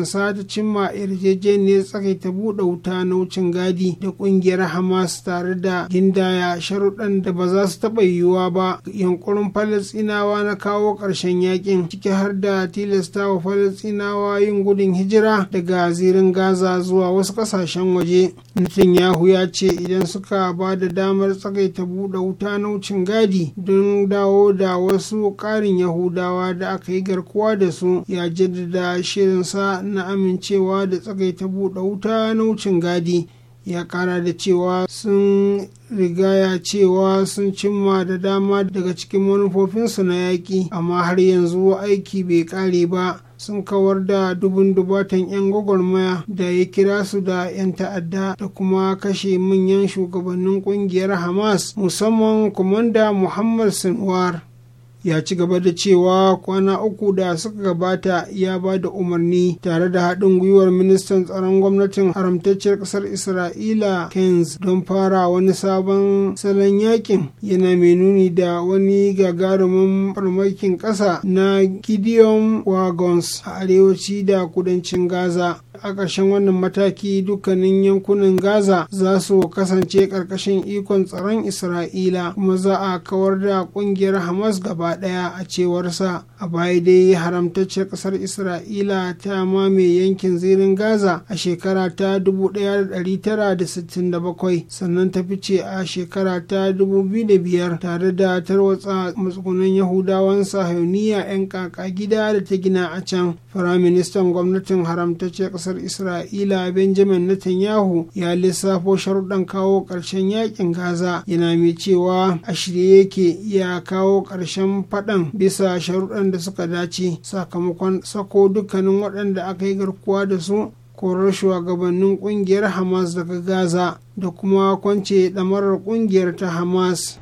Speaker 2: sa ta cimma yarjejeniyar tsakaita buɗe wuta na wucin gadi da ƙungiyar hamas tare da gindaya sharuɗan da ba za su taɓa yiwuwa ba yankurin falastinawa na kawo ƙarshen yakin ciki har da tilasta wa falastinawa yin gudun hijira daga zirin gaza zuwa wasu ƙasashen waje netanyahu ya ce idan suka ba da damar tsakaita ta buɗe wuta na wucin gadi don dawo da wasu ƙarin yahudawa da aka yi garkuwa da su ya jaddada shirinsa na amincewa da tsagaita buɗe wuta na wucin gadi ya kara da cewa sun rigaya cewa sun cimma da dama daga cikin manufofinsu na yaƙi amma har yanzu aiki bai ƙare ba sun kawar da dubun dubatan 'yan gwagwarmaya da ya kira su da 'yan ta'adda da kuma kashe manyan shugabannin ƙungiyar hamas musamman kwamanda muhammad sinwar ya ci gaba da cewa kwana uku da suka gabata ya ba da umarni tare da haɗin gwiwar ministan tsaron gwamnatin haramtacciyar ƙasar isra'ila kens don fara wani sabon salon yakin yana mai nuni da wani gagarumin farmakin ƙasa na gideon wagons a arewaci da kudancin gaza a ƙarshen wannan mataki dukkanin yankunan gaza za su kasance ƙarƙashin ikon tsaron isra'ila kuma za a kawar da ƙungiyar hamas gaba ɗaya a cewarsa a baya dai haramtacce ƙasar isra'ila ta mame yankin zirin gaza a shekara ta 1967 sannan ta fice a shekara ta 2005 tare da tarwatsa matsugunan yahudawan sahiyoniya 'yan kaka gida da ta gina a can Firaministan gwamnatin haramtacce ƙasar Isra'ila Benjamin Netanyahu ya lissafo sharuɗan kawo ƙarshen yakin Gaza yana mai cewa a shirye yake ya kawo ƙarshen faɗan bisa sharuɗan da suka dace sakamakon sako dukkanin waɗanda aka yi garkuwa da su korar shugabannin ƙungiyar Hamas daga Gaza da kuma kwance ɗamarar ƙungiyar ta Hamas.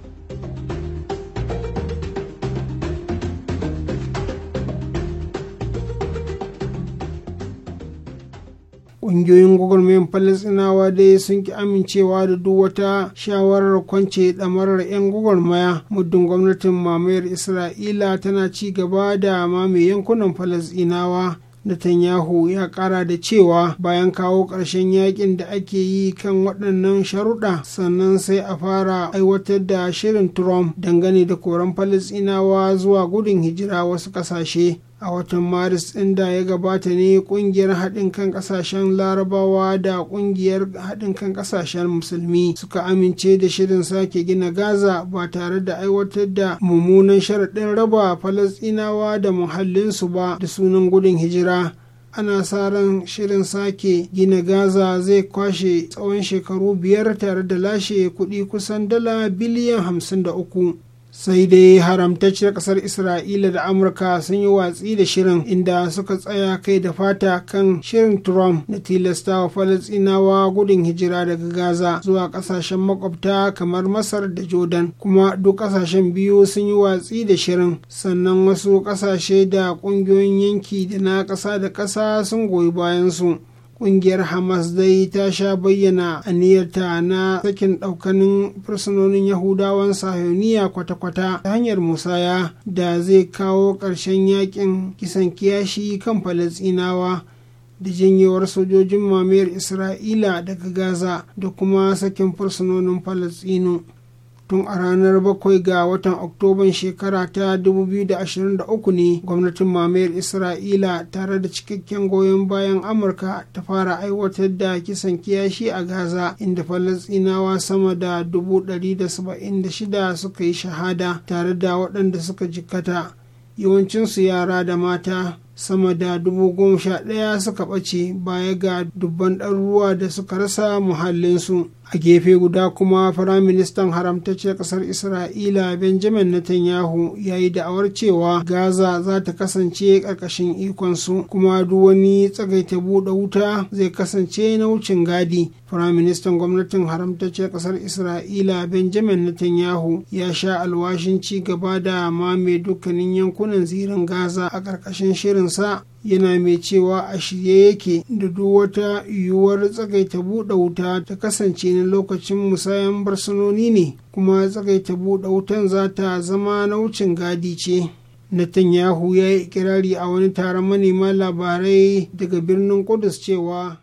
Speaker 2: ƙungiyoyin gwagwarmayin falasinawa dai sun ki amincewa da duk wata shawarar kwance ɗamarar 'yan gwagwarmaya muddin gwamnatin mamayar isra'ila tana ci gaba da mame yankunan falasinawa Netanyahu ya ƙara da cewa bayan kawo ƙarshen yakin da ake yi kan waɗannan sharuɗa sannan sai a fara aiwatar da shirin Trump dangane da koran Falasɗinawa zuwa gudun hijira wasu ƙasashe. a watan maris inda ya gabata ne ƙungiyar haɗin kan ƙasashen larabawa da ƙungiyar haɗin kan ƙasashen musulmi suka amince da shirin sake gina gaza ba tare da aiwatar da mummunan sharaɗin raba falasɗinawa da muhallinsu ba da sunan gudun hijira ana sa ran shirin sake gina gaza zai kwashe tsawon shekaru biyar tare da lashe kuɗi kusan dala biliyan hamsin da uku sai dai haramtacciyar kasar isra'ila da amurka sun yi watsi da shirin inda suka tsaya kai da fata kan shirin trump na tilasta wa falasinawa gudun hijira daga gaza zuwa kasashen makwabta kamar masar da jordan kuma duk kasashen biyu sun yi watsi da shirin sannan wasu kasashe da kungiyoyin yanki da na kasa da kasa sun goyi bayan su kungiyar hamas dai ta sha bayyana aniyarta na sakin daukanin fursunonin yahudawan sahiyoniya kwata-kwata ta hanyar musaya da zai kawo ƙarshen yakin kisan kiyashi kan falasinawa da janyewar sojojin mamayar isra'ila daga gaza da kuma sakin fursunonin falasinu tun a ranar bakwai ga watan oktoban shekara ta 2023 ne gwamnatin mamayar isra'ila tare da cikakken goyon bayan amurka ta fara aiwatar da kisan kiyashi a gaza inda falasinawa sama da 176 suka yi shahada tare da waɗanda suka jikkata yawancinsu yara da mata sama da dubu ɗaya suka ɓace baya ga dubban ɗaruruwa da suka rasa muhallinsu a gefe guda kuma firaministan haramtacce kasar isra'ila benjamin netanyahu ya yi da'awar cewa gaza za ta kasance ƙarƙashin ikonsu kuma duk wani tsagaita buɗe wuta zai kasance na wucin gadi firaministan gwamnatin Haramtace kasar isra'ila benjamin netanyahu ya sha alwashin ci gaba da mame dukkanin yankunan zirin gaza a ƙarƙashin shirinsa yana mai cewa a shirye yake da duk wata yiwuwar tsagaita buɗe wuta ta kasance na lokacin musayan barsanoni ne kuma tsagaita buɗe wutan za ta zama na wucin gadi ce Netanyahu ya yi ikirari a wani taron manema labarai daga birnin Kudus cewa